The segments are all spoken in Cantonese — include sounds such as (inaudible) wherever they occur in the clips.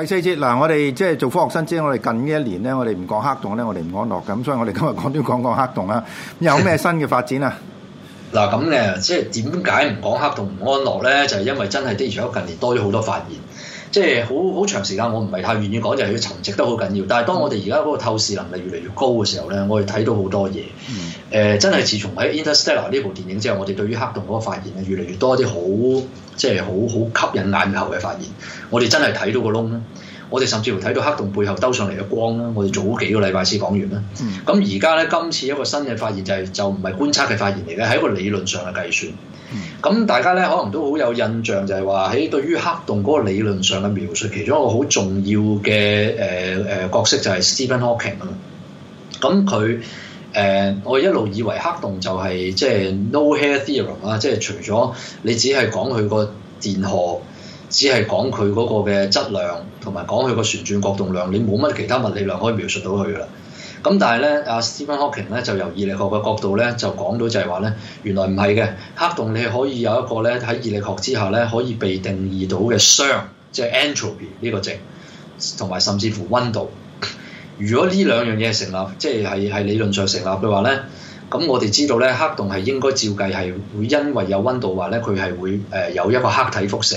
第四節嗱，我哋即係做科學新知，我哋近呢一年咧，我哋唔講黑洞咧，我哋唔安樂咁，所以我哋今日講啲講講黑洞啦。有咩新嘅發展啊？嗱 (laughs) 咁咧即係點解唔講黑洞唔安樂咧？就係、是、因為真係的確近年多咗好多發現，即係好好長時間我唔係太願意講，就係、是、要沉寂得好緊要。但係當我哋而家嗰個透視能力越嚟越高嘅時候咧，我哋睇到好多嘢。誒、嗯呃，真係自從喺 Interstellar 呢部電影之後，我哋對於黑洞嗰個發現咧，越嚟越多啲好即係好好吸引眼球嘅發現。我哋真係睇到個窿。我哋甚至乎睇到黑洞背後兜上嚟嘅光啦，我哋做咗幾個禮拜先講完啦。咁而家呢，今次一個新嘅發現就係、是、就唔係觀察嘅發現嚟嘅，係一個理論上嘅計算。咁、嗯、大家呢，可能都好有印象就，就係話喺對於黑洞嗰個理論上嘅描述，其中一個好重要嘅誒誒角色就係 Stephen Hawking 咁、嗯、佢誒、呃、我一路以為黑洞就係即係 No Hair Theorem 啦，即係除咗你只係講佢個電荷。只係講佢嗰個嘅質量，同埋講佢個旋轉角動量。你冇乜其他物理量可以描述到佢噶啦。咁但係咧，阿 Stephen Hawking 咧就由熱力學嘅角度咧就講到就係話咧，原來唔係嘅黑洞，你可以有一個咧喺熱力學之下咧可以被定義到嘅熵，即係 entropy 呢個值，同埋甚至乎溫度。如果呢兩樣嘢成立，即係係係理論上成立嘅話咧，咁我哋知道咧，黑洞係應該照計係會因為有溫度話咧，佢係會誒有一個黑體輻射。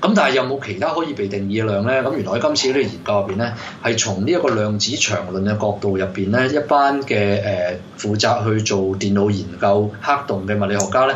咁但係有冇其他可以被定義嘅量呢？咁原來今次呢個研究入邊呢，係從呢一個量子場論嘅角度入邊呢，一班嘅誒、呃、負責去做電腦研究黑洞嘅物理學家呢，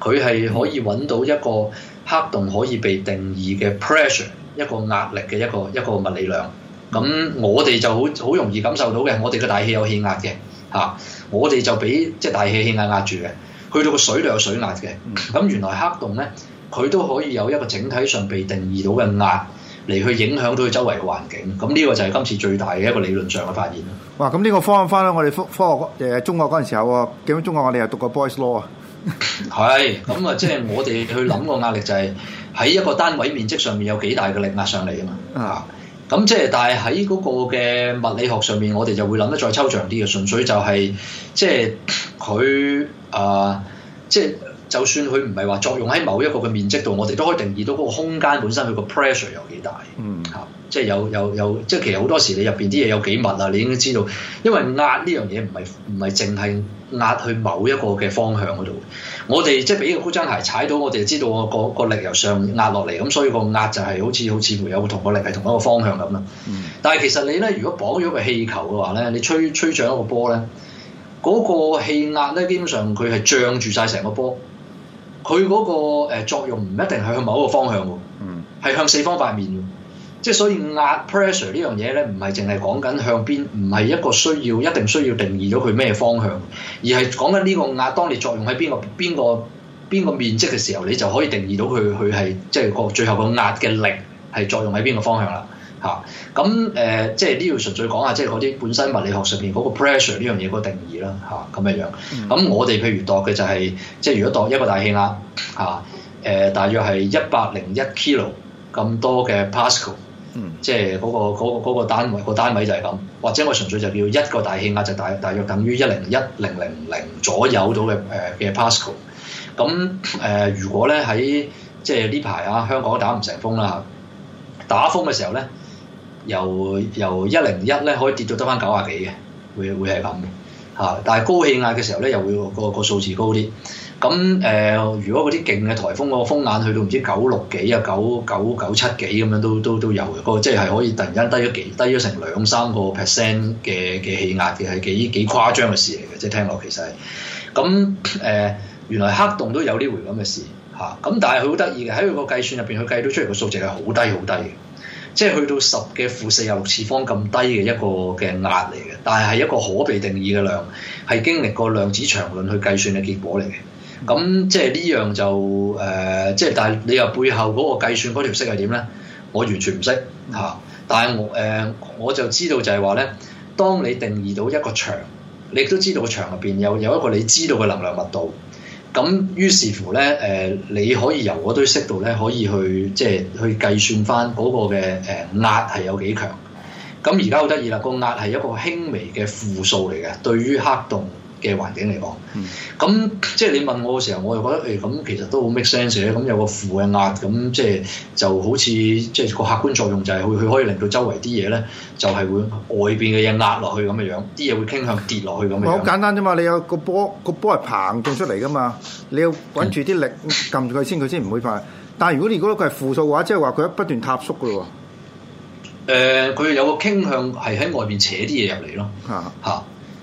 佢係可以揾到一個黑洞可以被定義嘅 pressure，一個壓力嘅一個一個物理量。咁我哋就好好容易感受到嘅，我哋嘅大氣有氣壓嘅，嚇、啊，我哋就俾即係大氣氣壓壓住嘅，去到個水度有水壓嘅。咁原來黑洞呢。佢都可以有一個整體上被定義到嘅壓嚟去影響到佢周圍嘅環境，咁、這、呢個就係今次最大嘅一個理論上嘅發現咯。哇！咁、這、呢個翻返咧，我哋科科學誒中學嗰陣時候喎，幾蚊中學我哋又讀過 Boyle's Law 啊。 (laughs) 係，咁啊，即係我哋去諗個壓力就係、是，喺一個單位面積上面有幾大嘅力壓上嚟啊嘛。啊、嗯，咁即係，但係喺嗰個嘅物理學上面，我哋就會諗得再抽象啲嘅，純粹就係即係佢啊，即、就、係、是。就是就算佢唔係話作用喺某一個嘅面積度，我哋都可以定義到嗰個空間本身佢個 pressure 有幾大。嗯，嚇、啊，即係有有有，即係其實好多時你入邊啲嘢有幾密啊，你應該知道，因為壓呢樣嘢唔係唔係淨係壓去某一個嘅方向嗰度。我哋即係俾個高踭鞋踩到，我哋知道、嗰個、嗰個力由上壓落嚟，咁所以個壓就係好似好似會有同個力係同一個方向咁啦。嗯、但係其實你咧，如果綁咗個氣球嘅話咧，你吹吹脹一個波咧，嗰、個氣壓咧，基本上佢係漲住晒成個波。佢嗰個誒作用唔一定係向某個方向喎，嗯，係向四方八面，即係所以壓 pressure 呢樣嘢咧，唔係淨係講緊向邊，唔係一個需要一定需要定義咗佢咩方向，而係講緊呢個壓當你作用喺邊個邊個邊個面積嘅時候，你就可以定義到佢佢係即係個最後個壓嘅力係作用喺邊個方向啦。嚇，咁誒，即係呢度純粹講下，即係嗰啲本身物理學上邊嗰個 pressure 呢樣嘢個定義啦，嚇咁嘅樣。咁、嗯、我哋譬如度嘅就係、係，即係如果度一個大氣壓，嚇、啊，誒、呃、大約係一百零一 kilo 咁多嘅 pascal，、嗯、即係嗰、嗰個嗰、嗰個嗰個嗰個單位、嗰個單位就係咁。或者我純粹就叫一個大氣壓就大大約等於一零一零零零左右到嘅誒嘅 pascal、嗯。咁誒、呃，如果咧喺即係呢排啊，香港打唔成風啦，打風嘅時候咧。由由一零一咧，可以跌到得翻九啊幾嘅，會會係咁嘅嚇。但係高氣壓嘅時候咧，又會個個數字高啲。咁、嗯、誒、呃，如果嗰啲勁嘅颱風、個風眼去到唔知九六幾啊，九九九七幾咁樣、嗯，都都都有嘅。個即係可以突然間低咗幾低咗成兩三個 percent 嘅嘅氣壓嘅，係幾幾誇張嘅事嚟嘅。即係聽落其實係咁誒，原來黑洞都有呢回咁嘅事嚇。咁、啊、但係佢好得意嘅，喺佢個計算入邊，佢計到出嚟個數值係好低好低嘅。即係去到十嘅負四廿六次方咁低嘅一個嘅壓力嚟嘅，但係係一個可被定義嘅量，係經歷過量子場論去計算嘅結果嚟嘅。咁即係呢樣就誒、呃，即係但係你又背後嗰個計算嗰條式係點呢？我完全唔識嚇。但係我誒、呃、我就知道就係話呢，當你定義到一個場，你都知道個場入邊有有一個你知道嘅能量密度。咁於是乎咧，誒、呃、你可以由嗰堆色度咧，可以去即係去計算翻嗰個嘅誒、呃、壓係有幾強。咁而家好得意啦，個壓係一個輕微嘅負數嚟嘅，對於黑洞嘅環境嚟講，咁即係你問我嘅時候，我就覺得誒咁、欸、其實都好 make sense 咧。咁、嗯、有個負嘅壓，咁即係就好似即係個客觀作用，就係佢佢可以令到周圍啲嘢咧，就係會外邊嘅嘢壓落去咁嘅樣，啲嘢會傾向跌落去咁嘅。好、嗯、簡單啫嘛，你有個波、個波係膨脹出嚟噶嘛，你要揾住啲力撳住佢先，佢先唔會快。但係如果你如果佢係負數嘅話，即係話佢一不斷塌縮嘅喎。佢、呃、有個傾向係喺外邊扯啲嘢入嚟咯，嚇、啊。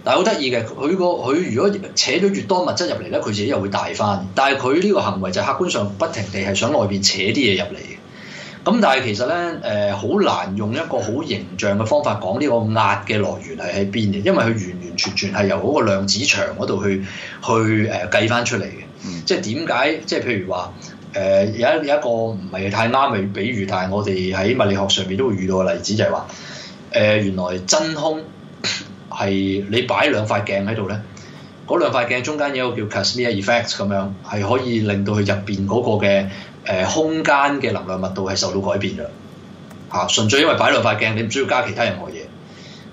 係好得意嘅，佢個佢如果扯咗越多物質入嚟咧，佢自己又會大翻。但係佢呢個行為就客觀上不停地係想外邊扯啲嘢入嚟嘅。咁但係其實咧，誒、呃、好難用一個好形象嘅方法講呢個壓嘅來源係喺邊嘅，因為佢完完全全係由嗰個量子場嗰度去去誒計翻出嚟嘅。即係點解？即係譬如話，誒有一有一個唔係太啱嘅比喻，但係我哋喺物理學上面都會遇到嘅例子就係、是、話，誒、呃、原來真空。係你擺兩塊鏡喺度呢，嗰兩塊鏡中間有一個叫 Casimir Effect 咁樣，係可以令到佢入邊嗰個嘅誒、呃、空間嘅能量密度係受到改變嘅，嚇、啊。純粹因為擺兩塊鏡，你唔需要加其他任何嘢。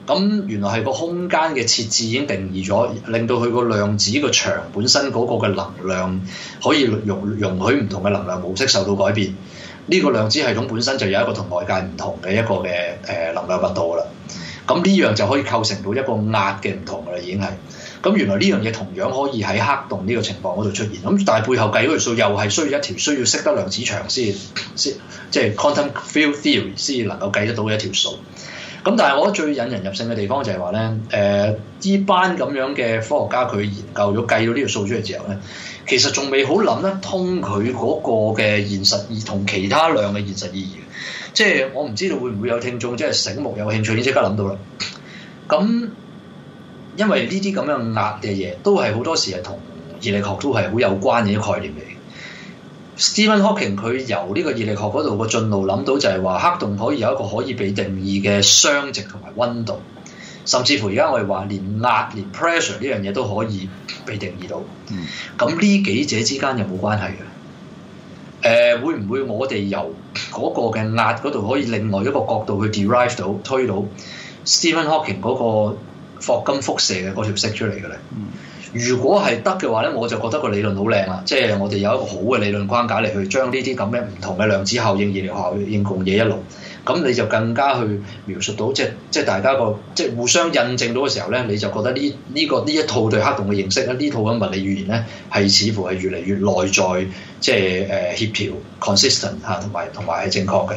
咁原來係個空間嘅設置已經定義咗，令到佢個量子個場本身嗰個嘅能量可以容容許唔同嘅能量模式受到改變。呢、這個量子系統本身就有一個同外界唔同嘅一個嘅誒、呃、能量密度啦。咁呢樣就可以構成到一個壓嘅唔同㗎啦，已經係。咁原來呢樣嘢同樣可以喺黑洞呢個情況嗰度出現。咁但係背後計嗰條數又係需要一條需要識得量子場先先，即係 quantum field theory 先能夠計得到嘅一條數。咁但係我覺得最引人入勝嘅地方就係話咧，誒、呃、呢班咁樣嘅科學家佢研究咗計到呢條數出嚟之後咧。其實仲未好諗得通佢嗰個嘅現實意同其他兩嘅現實意義,實意義即係我唔知道會唔會有聽眾即係醒目有興趣，你即刻諗到啦。咁因為呢啲咁樣壓嘅嘢，都係好多時係同熱力學都係好有關嘅啲概念嚟、嗯、Stephen Hawking 佢由呢個熱力學嗰度嘅進路諗到就係話，黑洞可以有一個可以被定義嘅熵值同埋温度。甚至乎而家我哋話連壓、連 pressure 呢樣嘢都可以被定義到。咁呢、嗯、幾者之間有冇關係嘅？誒、呃，會唔會我哋由嗰個嘅壓嗰度可以另外一個角度去 derive 到推到 Stephen Hawking 嗰個霍金輻射嘅嗰條式出嚟嘅咧？嗯、如果係得嘅話呢，我就覺得個理論好靚啦，即、就、係、是、我哋有一個好嘅理論框架嚟去將呢啲咁嘅唔同嘅量子效應、熱力效應、共嘢一路。咁你就更加去描述到，即係即係大家個即係互相印證到嘅時候咧，你就覺得呢呢、呢個呢一套對黑洞嘅認識咧，呢套嘅物理語言咧，係似乎係越嚟越內在，即係誒協調 consistent 嚇，同埋同埋係正確嘅。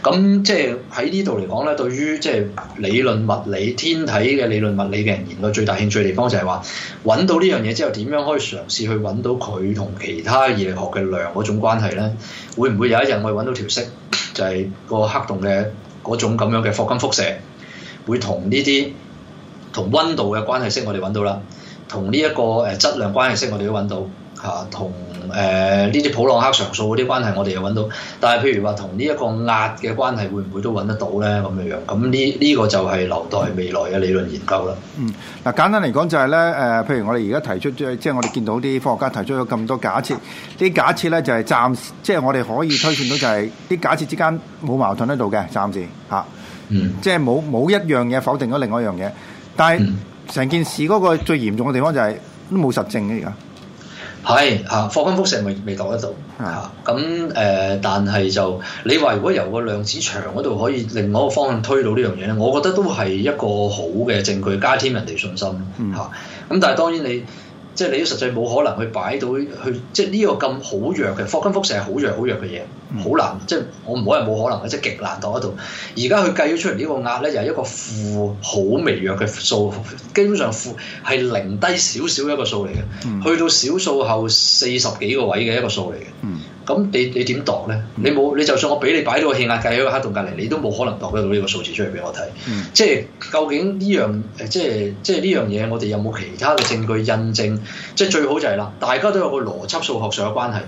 咁即係喺呢度嚟講咧，對於即係理論物理、天體嘅理論物理嘅人研究最大興趣地方就係話，揾到呢樣嘢之後，點樣可以嘗試去揾到佢同其他嘢力學嘅量嗰種關係咧？會唔會有一日我哋揾到條式？就係個黑洞嘅嗰種咁樣嘅霍金輻射，會同呢啲同溫度嘅關係式我哋揾到啦，同呢一個誒質量關係式我哋都揾到吓。同、啊。誒呢啲普朗克常數嗰啲關係，我哋又揾到，但係譬如話同呢一個壓嘅關係，會唔會都揾得到咧？咁樣樣，咁呢呢個就係留待未來嘅理論研究啦。嗯，嗱簡單嚟講就係、是、咧，誒、呃，譬如我哋而家提出即係我哋見到啲科學家提出咗咁多假設，啲假設咧就係暫時即係、就是、我哋可以推算到就係、是、啲假設之間冇矛盾喺度嘅，暫時嚇，啊、嗯，即係冇冇一樣嘢否定咗另外一樣嘢，但係成件事嗰個最嚴重嘅地方就係、是、都冇實證嘅而家。係吓，霍金輻射未未度得到嚇，咁誒的、嗯，但係就你話，如果由個量子場嗰度可以另外一個方向推到呢樣嘢咧，我覺得都係一個好嘅證據，加添人哋信心吓。咁、嗯、但係當然你。即係你都實際冇可能去擺到去，即係呢個咁好弱嘅霍金輻射很弱很弱，係好弱好弱嘅嘢，好難。即係我唔可以冇可能即係極難度嗰度。而家佢計咗出嚟呢個壓咧，就係一個負好微弱嘅數，基本上負係零低少少一,一個數嚟嘅，嗯、去到小數後四十幾個位嘅一個數嚟嘅。嗯嗯咁你你點度咧？你冇、嗯、你，你就算我俾你擺到個氣壓計喺個黑洞隔籬，你都冇可能度得到呢個數字出嚟俾我睇、嗯這個。即係究竟呢樣，即係即係呢樣嘢，我哋有冇其他嘅證據印證？即係最好就係、是、啦，大家都有個邏輯數學上有關係。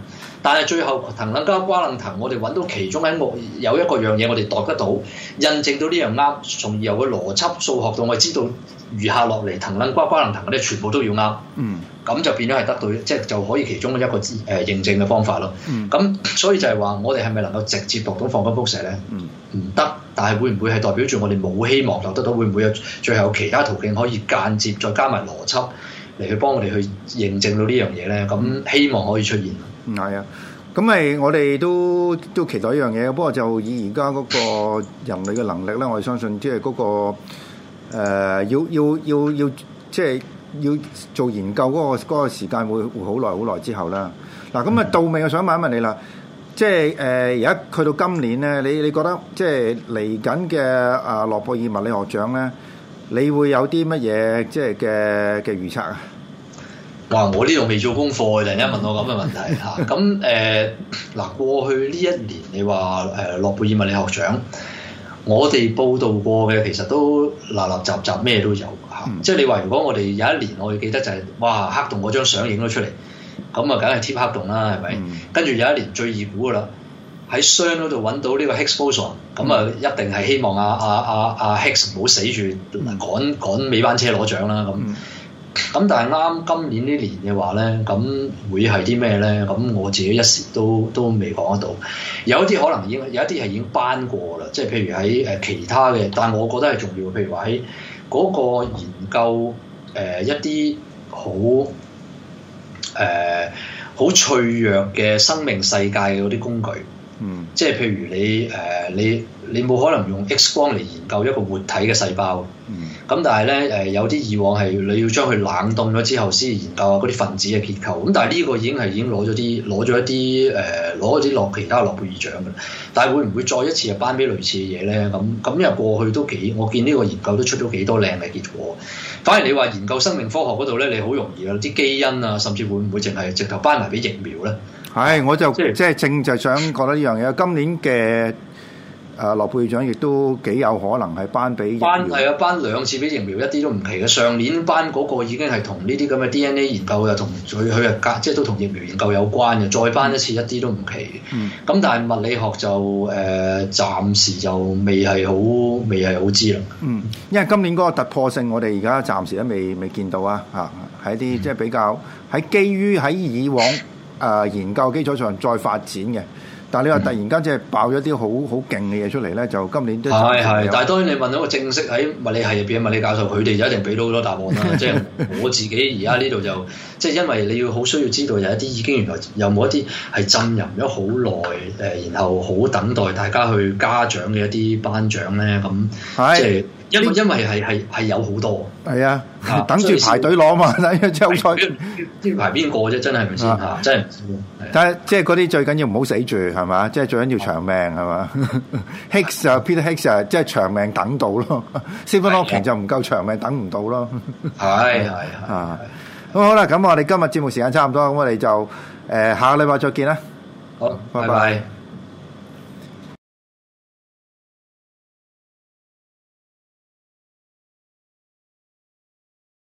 但係最後藤能瓜瓜能藤，我哋揾到其中一個有一個樣嘢，我哋度得到印證到呢樣啱，從而由個邏輯數學到，我知道餘下落嚟藤能瓜瓜能藤嗰啲全部都要啱。嗯。咁就變咗係得到，即、就、係、係、就可以其中一個誒認證嘅方法咯。咁、嗯、所以就係話，我哋係咪能夠直接讀到霍金輻射咧？唔得、嗯，但係會唔會係代表住我哋冇希望讀得到？會唔會有最後其他途徑可以間接再加埋邏輯嚟去幫我哋去認證到呢樣嘢咧？咁希望可以出現。嗯，係啊。咁係我哋都都期待一樣嘢，不過就以而家嗰個人類嘅能力咧，我哋相信、那個呃、即係嗰個要要要要即係。要做研究嗰個嗰個時間會會好耐好耐之後啦。嗱，咁啊到尾我想問一問你啦，嗯、即係誒而家去到今年咧，你你覺得即係嚟緊嘅啊諾貝爾物理學獎咧，你會有啲乜嘢即係嘅嘅預測啊？哇！我呢度未做功課，突然間問我咁嘅問題嚇。咁誒嗱，過去呢一年你話誒諾貝爾物理學獎？我哋報道過嘅其實都垃垃雜雜咩都有嚇，嗯、即係你話如果我哋有一年我記得就係、是、哇黑洞嗰張相影咗出嚟，咁啊梗係貼黑洞啦係咪？跟住、嗯、有一年最熱股噶啦，喺箱嗰度揾到呢個 Higgs boson，咁啊一定係希望阿阿阿阿 Higgs 唔好死住趕趕尾班車攞獎啦咁。咁但係啱今年，年呢年嘅話咧，咁會係啲咩咧？咁我自己一時都都未講得到。有啲可能已經，有一啲係已經頒過啦。即係譬如喺誒其他嘅，但係我覺得係重要。譬如話喺嗰個研究誒、呃、一啲好誒好脆弱嘅生命世界嘅嗰啲工具。嗯，即係譬如你誒、呃，你你冇可能用 X 光嚟研究一個活體嘅細胞。嗯。咁但係咧誒，有啲以往係你要將佢冷凍咗之後先研究下嗰啲分子嘅結構。咁但係呢個已經係已經攞咗啲攞咗一啲誒攞咗啲諾其他諾貝爾獎嘅。但係會唔會再一次又頒俾類似嘅嘢咧？咁咁因為過去都幾我見呢個研究都出咗幾多靚嘅結果。反而你話研究生命科學嗰度咧，你好容易啊啲基因啊，甚至會唔會淨係直頭頒埋俾疫苗咧？係，我就即係是正就想覺得呢樣嘢。今年嘅誒，諾貝爾獎亦都幾有可能係頒俾疫苗。係啊，頒兩次俾疫苗，一啲都唔奇嘅。上年頒嗰個已經係同呢啲咁嘅 DNA 研究又同佢佢啊隔，即係都同疫苗研究有關嘅。再頒一次一，一啲都唔奇。嗯。咁但係物理學就誒，暫時就未係好，未係好知啦。嗯。因為今年嗰個突破性，我哋而家暫時都未未見到啊。吓、啊，喺啲即係比較喺基於喺以往。 (laughs) 誒研究基礎上再發展嘅，但係你話突然間即係爆咗啲好好勁嘅嘢出嚟咧，就今年都係係。但係當然你問到個正式喺物理系入邊嘅物理教授，佢哋就一定俾到好多答案啦。即係 (laughs) 我自己而家呢度就即係、即係、因為你要好需要知道有一啲已經原來有冇一啲係浸淫咗好耐誒，然後好等待大家去嘉獎嘅一啲頒獎咧咁，即係、即係。因因為係係係有好多，係啊，等住排隊攞嘛，真係好彩，要排邊個啫，真係唔知吓，真係唔知。但係即係嗰啲最緊要唔好死住，係嘛，即係最緊要長命，係嘛。Higgs 啊 Peter Higgs 啊，即係長命等到咯，Stephen Hawking 就唔夠長命，等唔到咯。係係啊，咁好啦，咁我哋今日節目時間差唔多，咁我哋就誒下個禮拜再見啦。好，拜拜。